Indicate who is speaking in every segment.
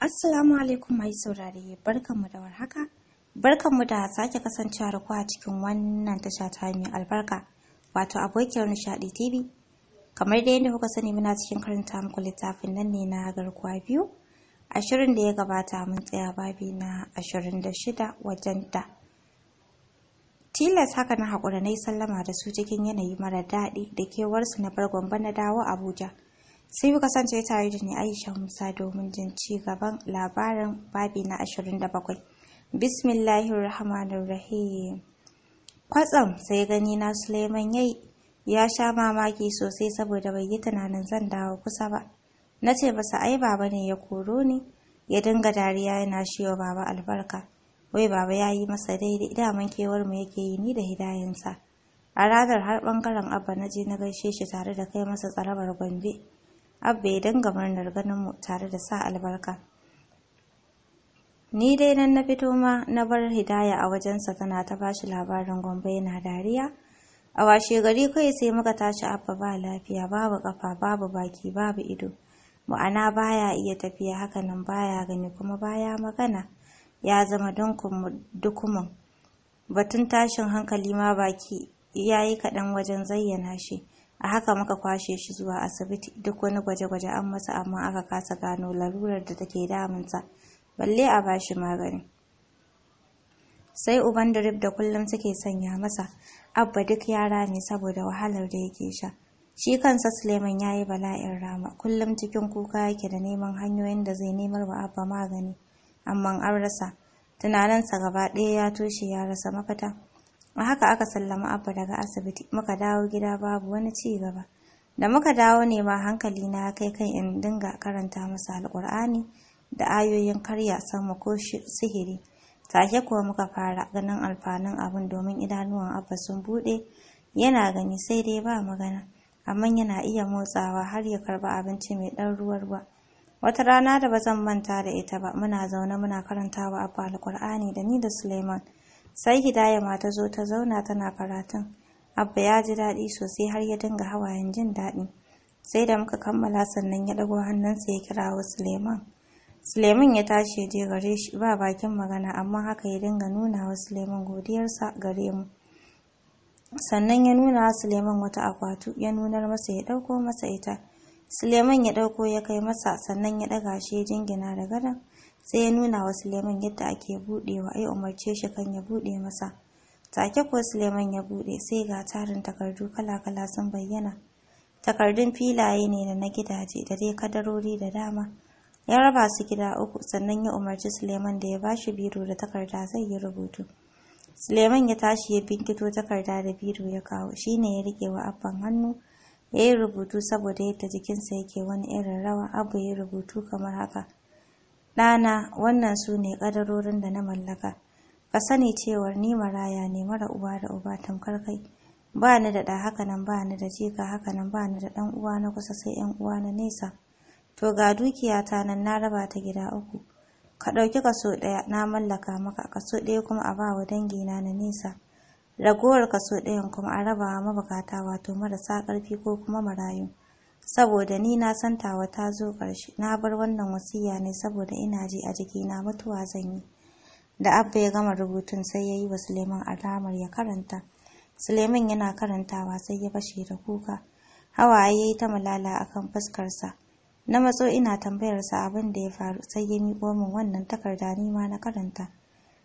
Speaker 1: Assalamu alaikum mai saurare mu da warhaka. Barkanmu da sake kasancewa da ku a cikin wannan tasha ta mai albarka wato abokiyar nishadi TV. Kamar dai yadda kuka sani muna cikin karanta muku littafin nan ne na garkuwa biyu. Ashirin da ya gabata mun tsaya babi na ashirin da shida wajen da. Tilas haka na haƙura na yi sallama da su cikin yanayi mara daɗi da kewarsu na bargon na dawo Abuja. sai ku kasance tare da ni aisha musa domin jin ci gaban labarin babi na 27 rahim kwatsam sai gani na suleiman yayi ya sha mamaki sosai saboda bai yi tunanin zan dawo kusa ba na ce masa ai baba ne ya koro ni ya dinga dariya yana shi wa baba albarka wai baba ya yi masa daidai daman kewar mu yake yi ni da hidayensa a ranar har bangaren abba na je na gaishe shi tare da kai masa tsarabar gombe abba ya danga murnar ganin mu tare da sa albarka ni dai nan na fito ma na bar hidaya a wajensa tana ta bashi labarin gombe yana dariya a washe gari kai sai muka tashi abba ba lafiya babu kafa babu baki babu ido ma'ana baya iya tafiya hakanan baya gani kuma baya magana ya zama dukumin batun tashin hankali ma baki ya yi kaɗan wajen zayyana shi a haka muka kwashe shi zuwa asibiti duk wani gwaje-gwaje an masa amma aka kasa gano larurar da take damunsa balle a ba shi magani sai uban drip da kullum suke sanya masa abba duk yara ne saboda wahalar da yake sha shi kansa suleiman ya yi bala'in rama kullum cikin kuka yake da neman hanyoyin da zai nemar wa abba magani amma an rasa tunaninsa gaba ɗaya ya toshe ya rasa mafita a haka aka sallama abba daga asibiti muka dawo gida babu wani ci gaba da muka dawo ne ma hankali na kai kan in dinga karanta masa alkur'ani da ayoyin karya sama ko sihiri take kuwa muka fara ganin alfanun abin domin idanuwan abba sun bude yana gani sai dai ba magana amma yana iya motsawa har ya karba abinci mai dan ruwa ruwa wata rana da ba zan manta da ita ba muna zaune muna karantawa abba alkur'ani da ni da suleiman sai hidaya ma ta zo ta zauna tana karatun abba ya ji daɗi sosai har ya dinga hawayen jin daɗi sai da muka kammala sannan ya ɗago hannunsa ya kirawo suleiman suleiman ya tashi ya je gare shi ba bakin magana amma haka ya dinga nuna wa suleiman godiyarsa gare mu sannan ya nuna wa suleiman wata akwatu ya nunar masa ya ɗauko masa ita suleiman ya ɗauko ya kai masa sannan ya ɗaga shi ya jingina da gadon sai ya nuna wa Suleiman yadda ake buɗewa ai umarce shi kan ya buɗe masa. Take ko Suleiman ya buɗe sai ga tarin takardu kala-kala sun bayyana. Takardun filaye ne da na gidaje da dai kadarori da dama. Ya raba su gida uku sannan ya umarci Suleiman da ya bashi biro da takarda zai yi rubutu. Suleiman ya tashi ya binkito takarda da biro ya kawo shine ya rike wa abban hannu ya yi rubutu saboda yadda jikinsa yake wani irin rawa abu ya rubutu kamar haka. Dana, wannan su ne ƙadarorin da na mallaka ka sani cewar ni maraya ne mara uba da uba tamkar kai ba ni da hakanan ba ni da jika hakanan ba ni da ɗan uwa na kusa sai ‘yan uwa na nesa to ga dukiya ta nan na raba ta gida uku ka ɗauki kaso ɗaya na mallaka maka kaso ɗaya kuma a bawa dangina na nesa ragowar kaso ɗayan kuma a rabawa mabukata wato marasa ƙarfi ko kuma marayu saboda ni na san tawa ta zo ƙarshe na bar wannan wasiya ne saboda ina ji a jikina mutuwa zan yi da abba ya gama rubutun sai ya yi wa suleiman alamar ya karanta suleiman yana karantawa sai ya fashe da kuka hawaye ya yi ta malala kan fuskarsa na matso ina tambayarsa abin da ya faru sai ya miƙo min wannan takarda ni ma na karanta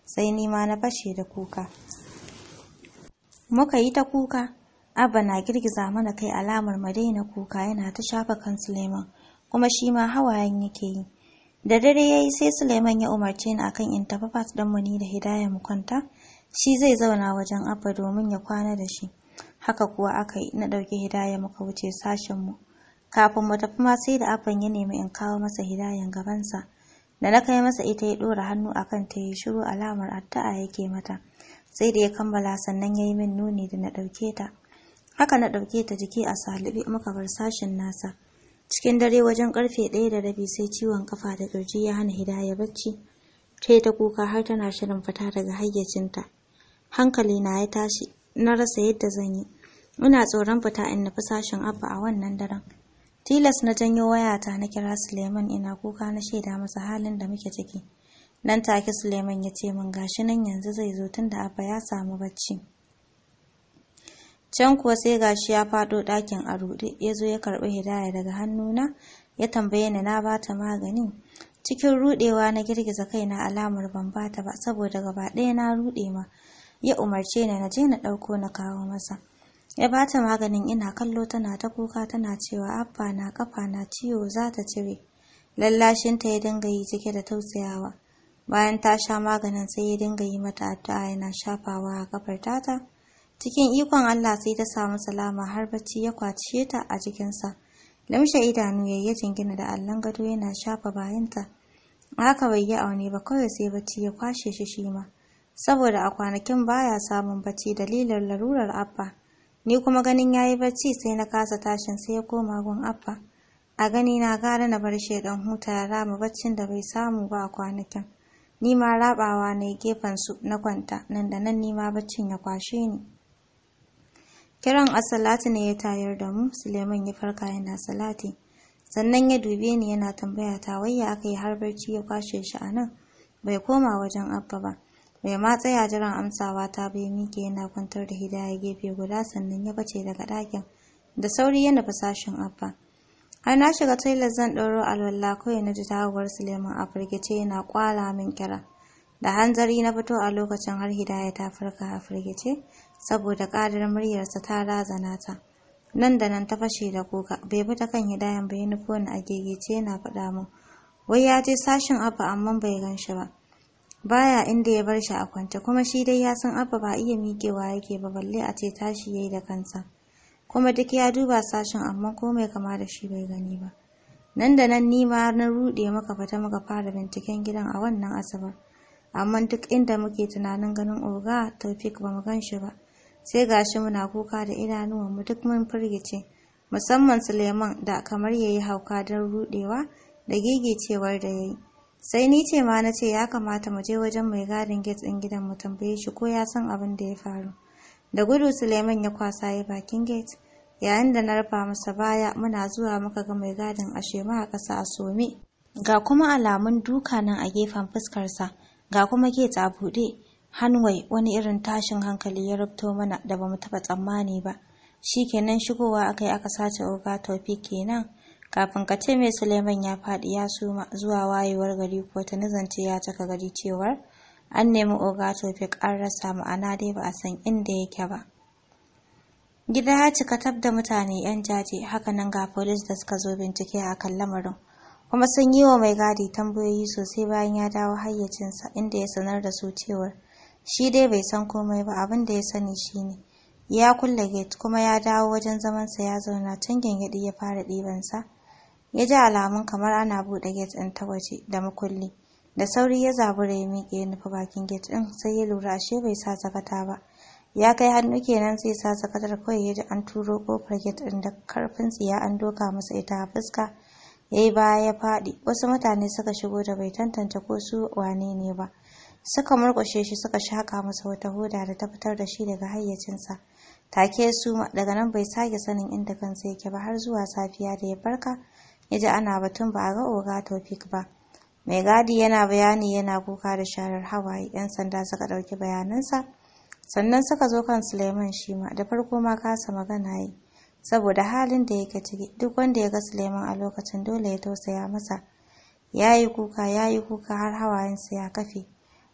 Speaker 1: sai ni ma na fashe da kuka muka yi ta kuka Abba na girgiza mana kai alamar madaina kuka yana ta shafa kan Suleiman, kuma shi ma hawayen yake yi. Da dare ya yi sai Suleiman ya umarce ni akan in tafi fas mu ni da hidaya mu kwanta, shi zai zauna wajen Abba domin ya kwana da shi. Haka kuwa aka yi na ɗauki hidaya muka wuce sashen mu Kafin mu tafi ma sai da Abban ya nemi in kawo masa hidayan gabansa. Da na kai masa ita ya ɗora hannu akan ta ya shiru alamar addu'a yake mata. Sai da ya kammala sannan ya yi min nuni da na ɗauke ta. haka na ɗauke ta jiki a salibi muka bar sashen nasa cikin dare wajen karfe ɗaya da rabi sai ciwon kafa da ƙirji ya hana hidaya bacci ta ta kuka har tana shirin fita daga hayyacinta hankali na ya tashi na rasa yadda zan yi ina tsoron fita in nufi sashen abba a wannan daren tilas na janyo wayata na kira suleiman ina kuka na shaida masa halin da muke ciki nan take suleiman ya ce min gashi nan yanzu zai zo tunda abba ya samu bacci Can kuwa sai gashi ya faɗo ɗakin a ruɗe, ya zo ya karɓi Hidaya daga hannuna, ya tambaye ni na bata maganin. Cikin ruɗewa na girgiza kaina alamar ban bata ba saboda gaba ɗaya na ruɗe ma. Ya umarce ni na je na ɗauko na kawo masa. Ya bata maganin ina kallo tana ta kuka tana cewa abba na kafa na ciwo za ta cire. Lallashinta ya dinga yi cike da tausayawa. Bayan ta sha maganin sai ya dinga yi mata addu'a yana shafawa a kafar tata. cikin ikon Allah sai ta samu salama har bacci ya kwace ta a jikinsa lamshe idanu ya jingina da allon gado yana shafa bayanta haka bai yi aune ba kawai sai bacci ya kwashe shi shi ma saboda a kwanakin baya samun bacci dalilin larurar abba ni kuma ganin ya yi bacci sai na kasa tashin sai ya koma gun abba a gani na gara na bar shi ɗan huta ya rama baccin da bai samu ba a kwanakin ni ma rabawa na gefen su na kwanta nan da nan ni ma baccin ya kwashe ni Kiran asalati ne ya tayar da mu, Suleiman ya farka yana salati. Sannan ya dube ni yana tambaya ta wayya aka yi har barci ya kwashe shi a nan. Bai koma wajen Abba ba. Bai ma tsaya jiran amsawa ta bai miƙe yana kwantar da hidaya gefe guda sannan ya bace daga ɗakin. Da sauri ya nufi sashen Abba. Har na shiga tailar zan ɗauro alwala kawai na ji tawagar Suleiman a firgice yana kwala min kira. da hanzari na fito a lokacin har hidaya ta farka a firgice saboda ƙadar muryarsa ta razana ta nan da nan ta fashe da kuka bai bi ta kan hidayan ba nufo ni a gegece yana faɗa min wai ya je sashin abba amma bai gan shi ba baya inda ya bar shi a kwance kuma shi dai ya san abba ba iya miƙewa yake ba balle a ce tashi yayi da kansa kuma duk ya duba sashin amma komai kama da shi bai gani ba nan da nan ni ma na rude maka fata muka fara binciken gidan a wannan asabar amma duk inda muke tunanin ganin oga taufik ba mu gan shi ba sai gashi muna kuka da mu duk mun firgice musamman suleiman da kamar ya yi hauka don rudewa da gigicewar da ya yi sai ni ce ma na ce ya kamata mu je wajen mai gadin gate ɗin gidan mu tambaye shi ko ya san abin da ya faru da gudu suleiman ya kwasa ya bakin gate yayin da na rufa masa baya muna zuwa muka ga mai gadin a shema a ƙasa a some ga kuma alamun duka nan a gefen fuskarsa ga kuma ke a buɗe hanwai wani irin tashin hankali ya rubto mana da bamu taɓa tsammani ba shi kenan shigowa akai aka sace oga tofi kenan kafin ka ce mai suleiman ya faɗi ya suma zuwa wayewar gari ko ta nizance ya cika gari cewar an nemi oga tofi an rasa ma'ana dai ba a san inda yake ba gida ya cika tab da mutane yan jaje haka nan ga polis da suka zo bincike a kan lamarin kuma sun yi wa mai gadi tambayoyi sosai bayan ya dawo hayyacinsa inda ya sanar da su cewar shi dai bai san komai ba abin da ya sani shi ne. ya kulle gate kuma ya dawo wajen zamansa ya zauna can gyangyaɗi ya fara ɗibansa ya ji alamun kamar ana buɗe gate ɗin ta waje da makulli da sauri ya zabura ya miƙe ya nufi bakin gate ɗin sai ya lura ashe bai sa sakata ba ya kai hannu kenan sai sa sakatar kawai ya ji an turo kofar gate ɗin da karfin tsiya an doka masa ita a fuska ya yi baya ya faɗi wasu mutane suka shigo da bai tantance ko su wane ne ba suka murkushe shi suka shaƙa masa wata hoda da ta fitar da shi daga hayyacinsa take su daga nan bai sake sanin inda kansa yake ba har zuwa safiya da ya farka ya ji ana batun ba a ga oga tofik ba mai gadi yana bayani yana kuka da sharar hawaye yan sanda suka ɗauki bayanansa sannan suka zo kan suleiman shima da farko ma kasa magana yi saboda halin da yake ciki duk wanda ya ga Suleiman a lokacin dole ya tausaya masa yayi kuka yayi kuka har hawayensa ya kafe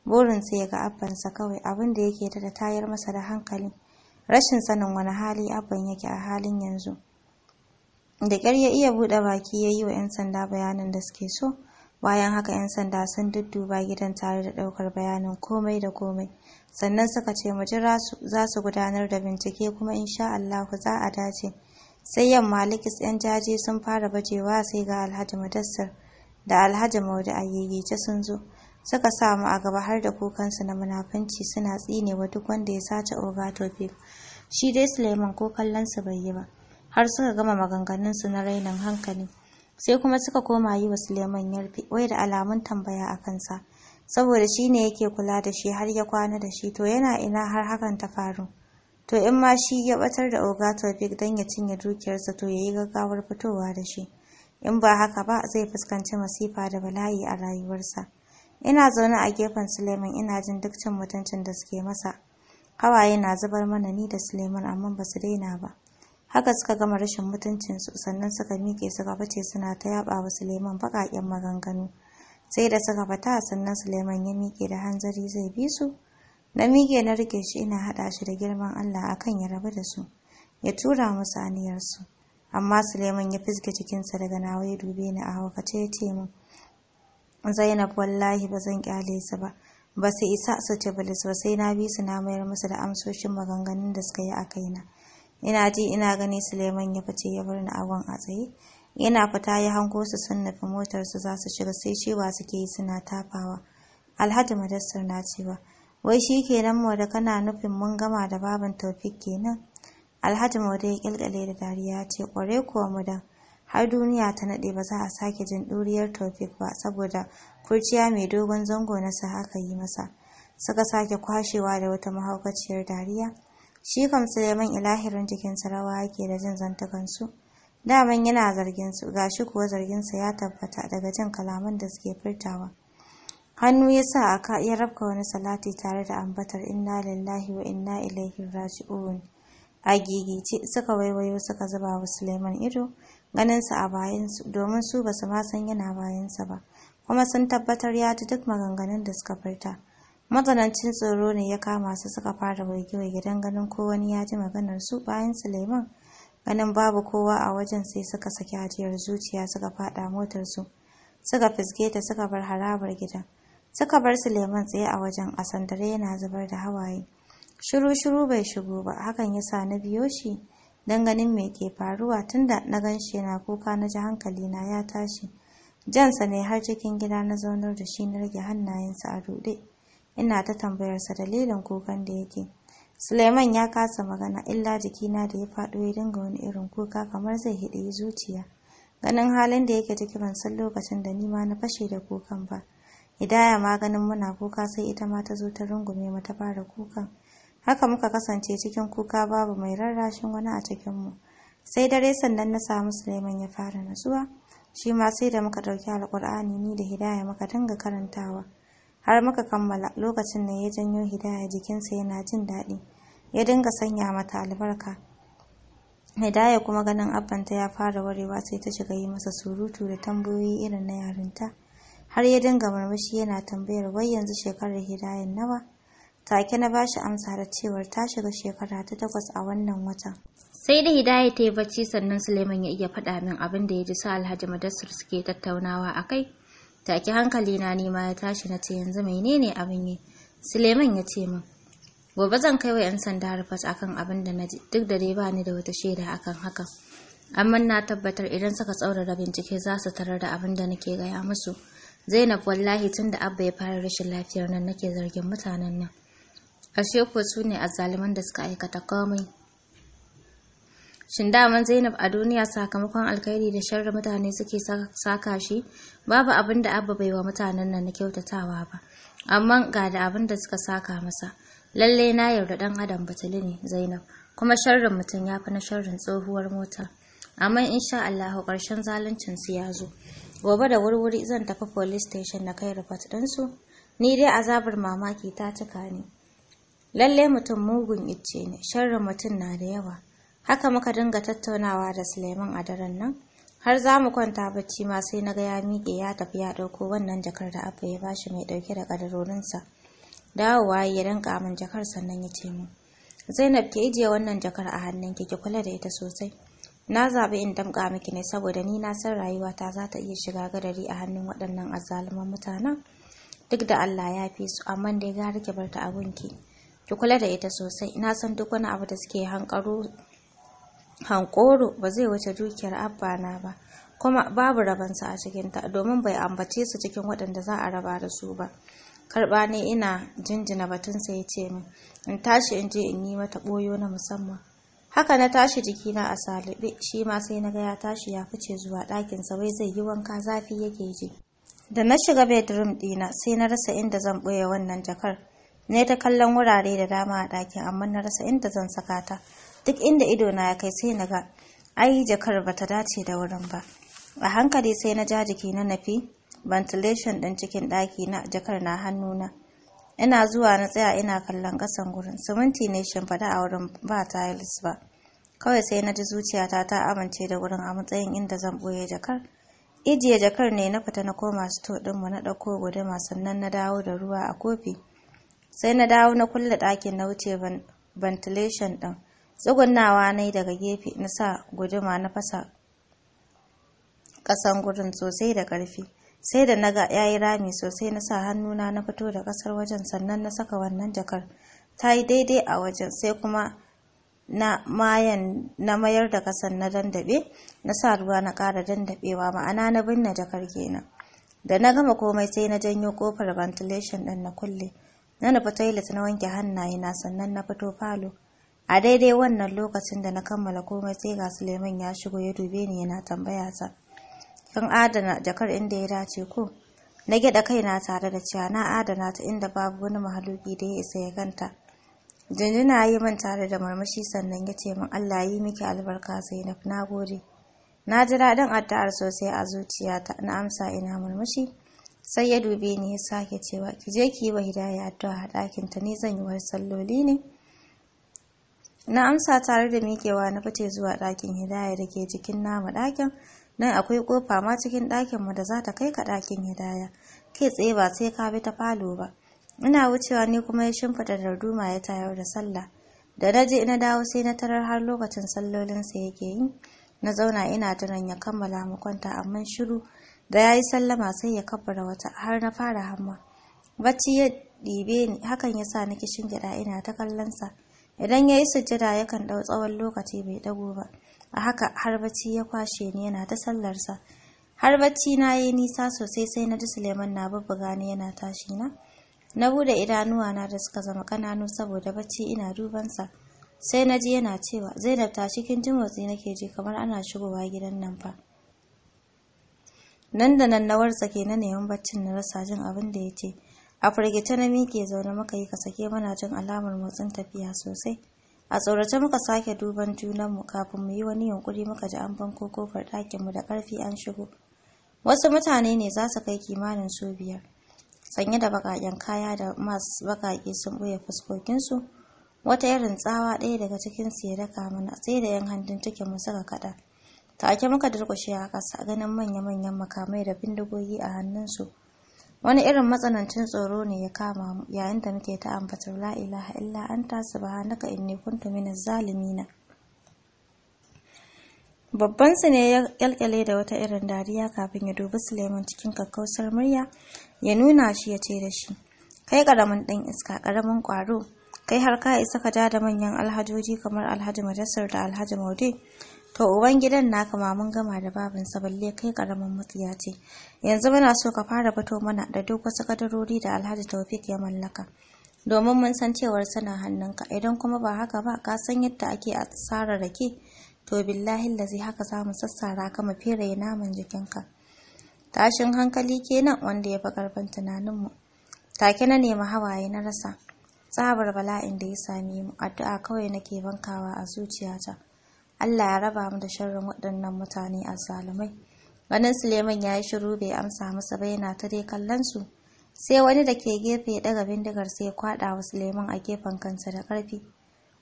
Speaker 1: burinsa ya ga abbansa kawai abin da yake da tayar masa da hankali rashin sanin wani hali abban yake a halin yanzu da ƙyar ya iya buɗe baki ya yi wa 'yan sanda bayanan da suke so bayan haka 'yan sanda sun dudduba gidan tare da ɗaukar bayanin komai da komai sannan suka ce mu jira za su gudanar da bincike kuma insha Allah za a dace sai yamma likis 'yan jaji sun fara bajewa sai ga alhaji madassar da alhaji maudu a yayyace sun zo suka sa mu a gaba har da kukansu na munafunci suna tsinewa duk wanda ya sace oga tofil shi dai suleiman ko kallon su bai yi ba har suka gama maganganunsu na rainin hankali sai kuma suka koma yi wa Suleiman yarfe wai da alamun tambaya a kansa saboda shi ne yake kula da shi har ya kwana da shi to yana ina har hakan ta faru to in ma shi ya batar da oga tofik don ya cinye dukiyarsa to ya yayi gaggawar fitowa da shi in ba haka ba zai fuskanci masifa da bala'i a rayuwarsa ina zaune a gefen Suleiman ina jin duk cin mutuncin da suke masa hawaye na zubar mana ni da Suleiman amma ba su daina ba haka suka gama rashin mutuncinsu sannan suka miƙe suka fice suna ta yaba wa suleiman baƙaƙen maganganu sai da suka fita sannan suleiman ya miƙe da hanzari zai bi su na miƙe na rike shi ina haɗa shi da girman allah akan ya rabu da su ya tura musu aniyarsu amma suleiman ya fizge jikinsa daga nawa ya dube ni a haukace ya ce min zainab wallahi ba zan kyale su ba ba su isa su ci ba sai na bi su na mayar musu da amsoshin maganganun da suka yi a kaina ina ji ina gani suleiman ya fice ya bar ni agon a tsaye yana fita ya hango su sun nufi motar su za su shiga sai cewa suke yi suna tafawa alhaji madassar na cewa wai shi kenan mu da kana nufin mun gama da baban taufik kenan alhaji mauda ya kilkale da dariya ce kware kuwa mu har duniya ta nade ba za a sake jin duriyar taufik ba saboda kurciya mai dogon zango na sa aka yi masa suka sake kwashewa da wata mahaukaciyar dariya Shi kam man ilahirin cikin sarawa yake da jin zantukansu. Daman yana zargin su, gashi kuwa zarginsa ya tabbata daga jin kalaman da suke furtawa. Hannu ya sa aka ya rabka wani salati tare da ambatar inna lillahi wa inna ilaihi raji'un. A gigice suka waiwayo suka zuba wa Suleiman ido, ganinsa a bayansu domin su basu ma san yana bayansa ba, kuma sun tabbatar ya ji duk maganganun da suka furta. matsanancin tsoro ne ya kama su suka fara waige-waige don ganin ko wani ya ji maganar su bayan suleiman ganin babu kowa a wajen sai suka saki hajiyar zuciya suka fada motar su suka fiske ta suka bar harabar gidan suka bar suleiman tsaye a wajen a sandare yana zubar da hawaye shiru-shiru bai shigo ba hakan ya sa na biyo shi don ganin me ke faruwa tunda na gan shi yana kuka na ji hankali na ya tashi jansa ne har cikin gida na zaunar da shi na rage hannayensa a ruɗe ina ta tambayarsa dalilin kukan da yake suleiman ya kasa magana illa jikina da ya faɗo ya dinga wani irin kuka kamar zai hiɗe zuciya ganin halin da yake ciki ban san lokacin da ni ma na fashe da kukan ba hidaya ma ganin muna kuka sai ita ma ta zo ta rungume mu ta fara kukan haka muka kasance cikin kuka babu mai rarrashin wani a cikin mu sai dare sannan na samu suleiman ya fara natsuwa? shi ma sai da muka ɗauki Alkur'ani ni da hidaya muka dinga karantawa har muka kammala lokacin da ya janyo hidaya jikinsa yana jin daɗi ya dinga sanya mata albarka hidaya kuma ganin abbanta ya fara warewa sai ta shiga yi masa surutu da tambayoyi irin na yarinta har ya dinga murmushi yana tambayar wai yanzu shekarar hidayen nawa take na bashi amsa da cewar ta shiga shekara ta takwas a wannan watan sai da hidaya ta yi bacci sannan suleiman ya iya faɗa min abin da ya ji su alhaji madassar suke tattaunawa a kai take hankali na nema ya tashi na ce yanzu menene abin yi suleiman ya ce min gobe zan kai wa 'yan sanda harfas akan abin da na duk da dai bani da wata shaida akan hakan amma na tabbatar idan suka tsaurara bincike za su tarar da abin da nake gaya musu zainab wallahi tun da abba ya fara rashin lafiyar nan nake zargin mutanen nan ashe ko su ne azzaluman da suka aikata komai Shin daman Zainab a duniya sakamakon alkhairi da sharri mutane suke saka shi? Babu abin da Abba bai wa mutanen nan na kyautatawa ba. Amma ga da abin da suka saka masa. Lalle na yarda dan Adam batuli ne Zainab, kuma sharrin mutum ya fi na sharrin tsohuwar mota. Amma insha Allah ƙarshen zaluncin su ya zo. Gobe da wurwuri zan tafi police station na kai report su. Ni dai azabar mamaki ta cika ni. Lalle mutum mugun icce ne, sharrin mutum na da yawa. Haka muka dinga tattaunawa da Suleiman a daren nan. Har za mu kwanta bacci ma sai na ga ya miƙe ya tafi ya ɗauko wannan jakar da Abba ya bashi mai ɗauke da ƙadarorinsa. Dawowa ya danka min jakar sannan ya ce mu. Zainab ki ijiye wannan jakar a hannun ki ki kula da ita sosai. Na zaɓi in damƙa miki ne saboda ni na san rayuwata za ta iya shiga gadari a hannun waɗannan azzaluman mutanen. Duk da Allah ya fi su amma dai gara ki bar ta abunki. Ki kula da ita sosai. Na san duk wani abu da suke hankaro hankoro ba zai wuce dukiyar abba na ba kuma babu rabansa a cikinta domin bai ambace su cikin waɗanda za a raba da su ba karɓa ne ina jinjina batunsa ya ce min in tashi in je in yi mata ɓoyo na musamman haka na tashi jikina a Salibi, shi ma sai na ga ya tashi ya fice zuwa ɗakinsa wai zai yi wanka zafi yake ji da na shiga bedroom ɗina sai na rasa inda zan ɓoye wannan jakar Ne ta kallon wurare da dama a ɗakin amma na rasa inda zan saka ta duk inda ido na ya kai sai naga ga ai jakar bata dace da wurin ba a hankali sai na ja jiki na nafi ventilation ɗin cikin ɗaki na jakar na hannuna ina zuwa na tsaya ina kallon ƙasan gurin siminti ne shimfada a wurin ba tiles ba kawai sai na ji zuciyata ta amince da wurin a matsayin inda zan boye jakar ijiye jakar ne na fita na koma sito ɗinmu na ɗauko guduma sannan na dawo da ruwa a kofi sai na dawo na kulle ɗakin na wuce ventilation ɗin tsugunnawa na daga gefe na sa guduma na fasa ƙasan gudun sosai da ƙarfi sai da naga ya yi rami sosai na sa hannuna na fito da ƙasar wajen sannan na saka wannan jakar ta yi daidai a wajen sai kuma na mayan na mayar da kasan na dandabe na sa ruwa na ƙara dandabewa ma'ana na binne jakar kenan da na gama komai sai na janyo kofar ventilation ɗin na kulle na nufi toilet na wanke hannaye na sannan na fito falo a daidai wannan lokacin da na kammala komai sai ga suleiman ya shigo ya dube ni yana tambaya ta kin adana jakar inda ya dace ko na kai kaina tare da cewa na adana ta inda babu wani mahaluki da ya isa ya ganta jinjina yi min tare da murmushi sannan ya ce min allah yi miki albarka zainab na gode na ji daɗin addu'ar sosai a zuciyata na amsa ina murmushi sai ya dube ni ya sake cewa ki je ki yi wa hidaya addu'a a ɗakinta ni zan yi wasu salloli ne na amsa tare da mikewa na fice zuwa ɗakin hidaya da ke jikin namu ɗakin don akwai kofa ma cikin ɗakin mu da za ta kai ka ɗakin hidaya kai tsaye ba sai ka bi ta falo ba ina wucewa ne kuma ya shimfiɗa darduma ya tayar da sallah da na je na dawo sai na tarar har lokacin sallolinsa yake yi na zauna ina tunan ya kammala mu kwanta amma shiru da ya yi sallama sai ya kabbara wata har na fara hamma bacci ya ɗibe ni hakan ya sa na kishin gyaɗa ina ta kallon sa idan ya yi sujjada yakan ɗau tsawon lokaci bai ɗago ba a haka har bacci ya kwashe ni yana ta sallarsa har bacci na yi nisa sosai sai na ji suleiman na bubbuga ni yana tashi na na bude idanuwa na da suka zama ƙananu saboda bacci ina dubansa sai na ji yana cewa zainab tashi kin jin motsi nake ji kamar ana shigowa gidan nan fa nan da nan na wartsake na neman baccin na rasa jin abin da ya ce a firgice na miƙe zaune muka yi ka sake muna jin alamar motsin tafiya sosai a tsorace muka sake duban junanmu kafin mu yi wani yunkuri muka ji an banko kofar ɗakinmu da ƙarfi an shigo wasu mutane ne za su kai kimanin su biyar sanye da baƙaƙen kaya da masu baƙaƙe sun ɓoye fuskokinsu wata irin tsawa ɗaya daga cikinsu ya daka mana sai da yan hannun mu suka kaɗa take muka durƙushe a ƙasa ganin manya-manyan makamai da bindigogi a hannunsu wani irin matsanancin tsoro ne ya kama mu yayin da muke ta ambatar la ilaha illa anta subhanaka inni kuntu minaz zalimina babban su ne ya kyalkyale da wata irin dariya kafin ya dubi Suleiman cikin kakkausar murya ya nuna shi ya ce da shi kai karamin dan iska karamin kwaro kai har ka isa ka da manyan alhajoji kamar alhaji madassar da alhaji maude To uban gidan naka ma mun gama da babansa balle kai karamin mutiya ce. Yanzu muna so ka fara fito mana da duk wasu kadarori da Alhaji Taufik ya mallaka. Domin mun san cewar sana hannunka idan kuma ba haka ba ka san yadda ake a tsara rake to billahi lazi haka za mu sassara ka mu fere naman jikinka. Tashin hankali kenan wanda ya fi karfin tunaninmu. Take na nemi hawaye na rasa. Tsabar bala'in da ya same mu addu'a kawai nake bankawa a zuciyata. Allah ya raba mu da sharrin waɗannan mutane a azzalumai ganin Suleiman ya yi shiru bai amsa masa ba yana ta dai kallon su sai wani da ke gefe ya ɗaga bindigar sai ya kwaɗa wa Suleiman a gefen kansa da ƙarfi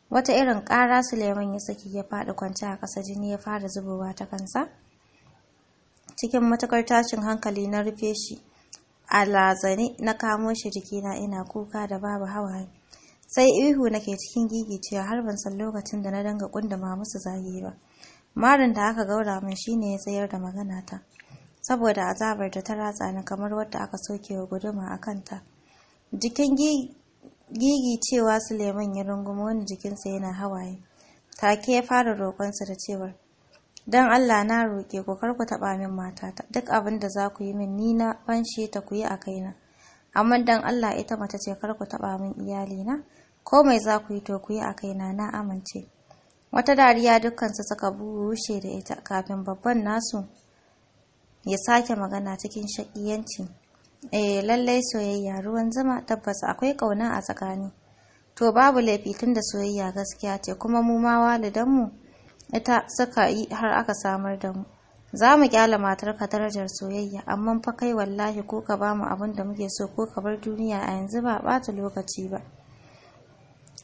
Speaker 1: wata irin ƙara Suleiman ya saki ya faɗi kwance a ƙasa jini ya fara zubowa ta kansa cikin matukar tashin hankali na rufe shi a lazani na kamo shi jikina ina kuka da babu hawaye sai ihu nake cikin gigicewa har ban san lokacin da na danga kundama musu zagi ba marin da aka gaura min shine ya tsayar da magana ta saboda azabar da ta ratsa ni kamar wadda aka soke wa guduma a kanta jikin gigi cewa suleiman ya rungumo wani jikinsa yana hawaye take ya fara roƙonsa da cewar don allah na roƙe ku karku ku taɓa min matata duk abin da za ku yi min ni na fanshe ta ku yi a kaina amma don allah ita mace ce kar ku taɓa min iyalina komai za ku yi to ku yi a kaina na amince wata dariya dukkansu suka bushe da ita kafin babban nasu ya sake magana cikin shakiyanci eh lallai soyayya ruwan zama tabbas akwai ƙauna a tsakani to babu laifi tunda soyayya gaskiya ce kuma mu ma mu ita suka yi har aka samar da mu za mu kyala ka darajar soyayya amma fa kai wallahi ko ka bamu abin da muke so ko ka bar duniya a yanzu ba ɓata lokaci ba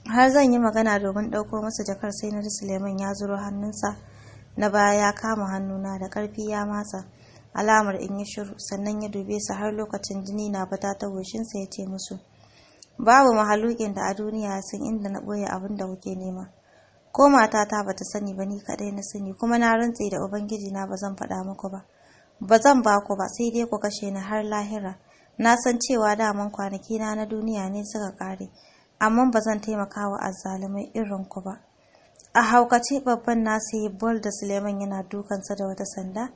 Speaker 1: har zan yi magana domin ɗauko masa jakar sai na ji suleiman ya zuro hannunsa na baya ya kama hannuna da ƙarfi ya matsa alamar in yi shiru sannan ya dube su har lokacin jini na bata ta goshinsa ya ce musu babu mahalukin da a duniya sun inda na ɓoye abin da kuke nema ko matata bata sani ba ni kaɗai na sani kuma na rantse da ubangiji na ba zan faɗa muku ba ba zan ba ku ba sai dai ku kashe ni har lahira na san cewa daman kwanaki na na duniya ne suka ƙare amma ba zan taimaka wa azzalumai irin ku ba a haukace babban nasu yi bol da suleiman yana dukansa da wata sanda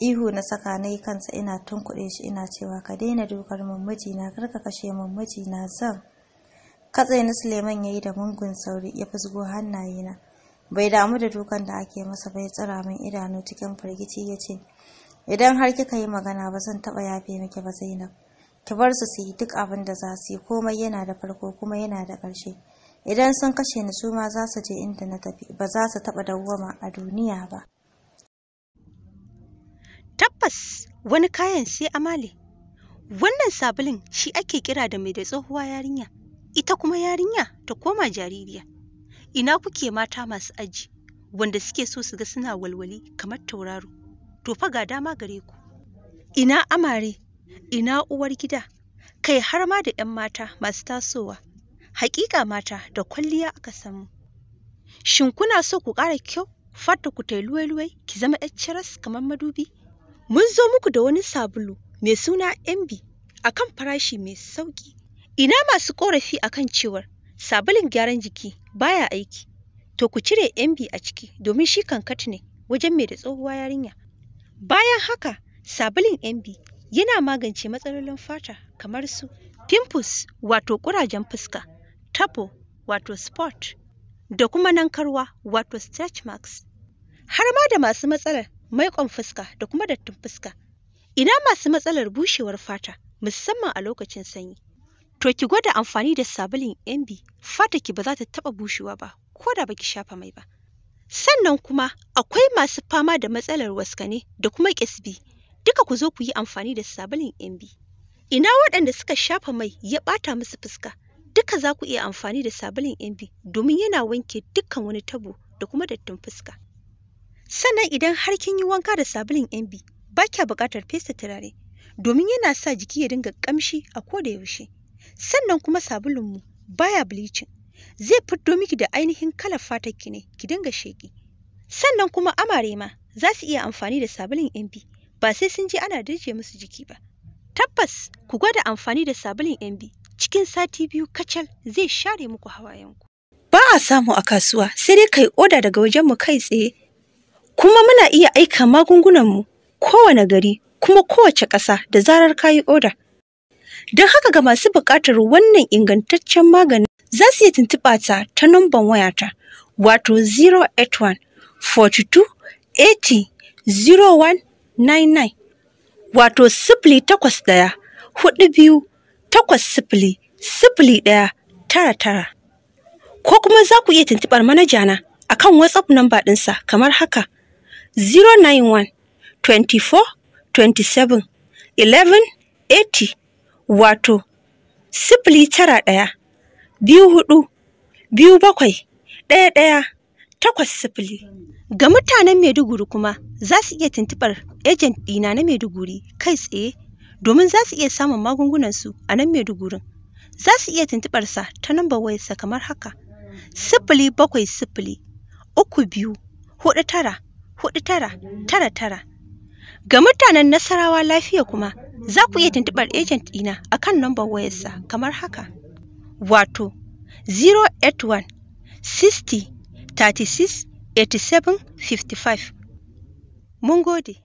Speaker 1: ihu na saka na yi kansa ina tunkuɗe shi ina cewa ka daina dukar mamaji na karka kashe mamaji na zan katse na suleiman ya yi da mungun sauri ya fusgo hannayena bai damu da dukan da ake masa bai tsira min idanu cikin firgici ya ce idan har kika yi magana ba zan taɓa yafe miki ba zainab ki bar su su yi duk abin da za su yi komai yana da farko kuma yana da ƙarshe idan sun kashe ni su ma za su je inda na tafi ba za su taɓa dawoma a duniya ba
Speaker 2: tabbas wani kayan sai amale wannan sabulin shi ake kira da mai da tsohuwa yarinya ita kuma yarinya ta koma jaririya ina kuke mata masu aji wanda suke so su ga suna walwali kamar tauraro to fa ga dama gare ku ina amare ina uwar gida kai har ma da 'yan mata masu tasowa hakika mata da kwalliya aka samu shin kuna so ku ƙara kyau fata ku tai luwai-luwai ki zama yar ciras kamar madubi mun zo muku da wani sabulu mai suna mb akan farashi mai sauƙi. ina masu ƙorafi a kan cewar sabulun gyaran jiki baya aiki to ku cire mb a ciki domin shi kankat ne wajen mai da tsohuwa yarinya bayan haka sabulun mb yana magance matsalolin fata kamar su pimples wato ƙurajen fuska tabo wato spot da kuma nankarwa wato stretch marks har ma da masu matsalar maikon fuska da kuma dattin fuska ina masu matsalar bushewar fata musamman a lokacin sanyi to ki gwada amfani da sabulun mb fata ki ba za ta taɓa bushewa ba ko da baki shafa mai ba sannan kuma akwai masu fama da matsalar waskane da kuma ƙisbi. duka ku zo ku yi amfani da sabulin MB. Ina waɗanda suka shafa mai ya ɓata musu fuska, duka za ku iya amfani da sabulin MB domin yana wanke dukkan wani tabo da kuma dattin fuska. Sannan idan har kin yi wanka da sabulin MB, ba kya buƙatar fesa turare, domin yana sa jiki ya dinga ƙamshi a ko koda yaushe. Sannan kuma sabulunmu baya bleaching, zai fito miki da ainihin kalar fatar ki ne, ki dinga sheƙi. Sannan kuma amare ma za su iya amfani da sabulin MB ba sai sun je ana dirje musu jiki ba. Tabbas ku gwada amfani da sabulin MB cikin sati biyu kacal zai share muku hawayenku. Ba a samu a kasuwa sai dai kai oda daga wajenmu kai tsaye. Kuma muna iya aika magungunanmu kowane gari kuma kowace ƙasa da zarar ka yi oda. Don haka ga masu buƙatar wannan ingantaccen maganin za su iya tuntuɓa ta ta namban wayata wato 081 42 80 01 99 wato sifili takwas ɗaya hudu biyu takwas sifili sifili ɗaya tara tara ko kuma za ku iya tuntubar manaja na akan whatsapp namba ɗinsa kamar haka 091 24 27 11 80 wato sifili tara ɗaya biyu hudu biyu bakwai ɗaya ɗaya takwas sifili. Ga mutanen Maiduguri kuma za su iya tuntuɓar ejent dina na Maiduguri kai tsaye domin za su iya samun magungunansu a nan Maidugurin. Za su iya sa ta nambar wayarsa kamar haka. Sifili bakwai sifili uku biyu hudu tara hudu tara tara tara. Ga mutanen Nasarawa lafiya kuma za ku iya tuntuɓar ejent dina a kan nambar wayarsa kamar haka. Wato 081 60 36 87 55. Mun gode.